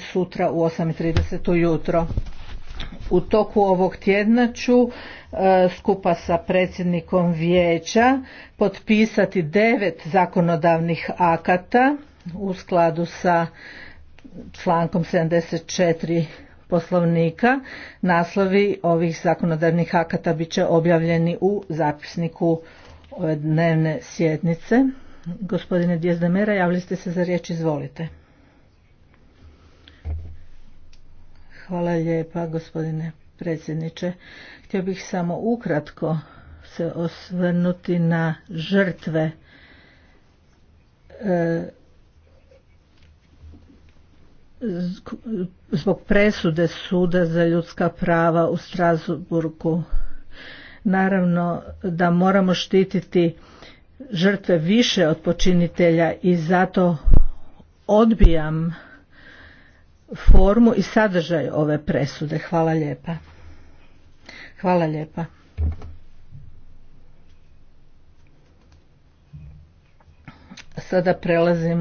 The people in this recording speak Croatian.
sutra u 8.30 ujutro. U toku ovog tjedna ću e, skupa sa predsjednikom vijeća potpisati devet zakonodavnih akata u skladu sa člankom 74 poslovnika. Naslovi ovih zakonodavnih akata bit će objavljeni u zapisniku ove dnevne sjednice. Gospodine Dijezdemera, javili ste se za riječ, izvolite. Hvala lijepa gospodine predsjedniče. Htio bih samo ukratko se osvrnuti na žrtve e, zbog presude suda za ljudska prava u Strasburgu. Naravno da moramo štititi žrtve više od počinitelja i zato odbijam formu i sadržaj ove presude. Hvala lijepa. Hvala lijepa. Sada prelazimo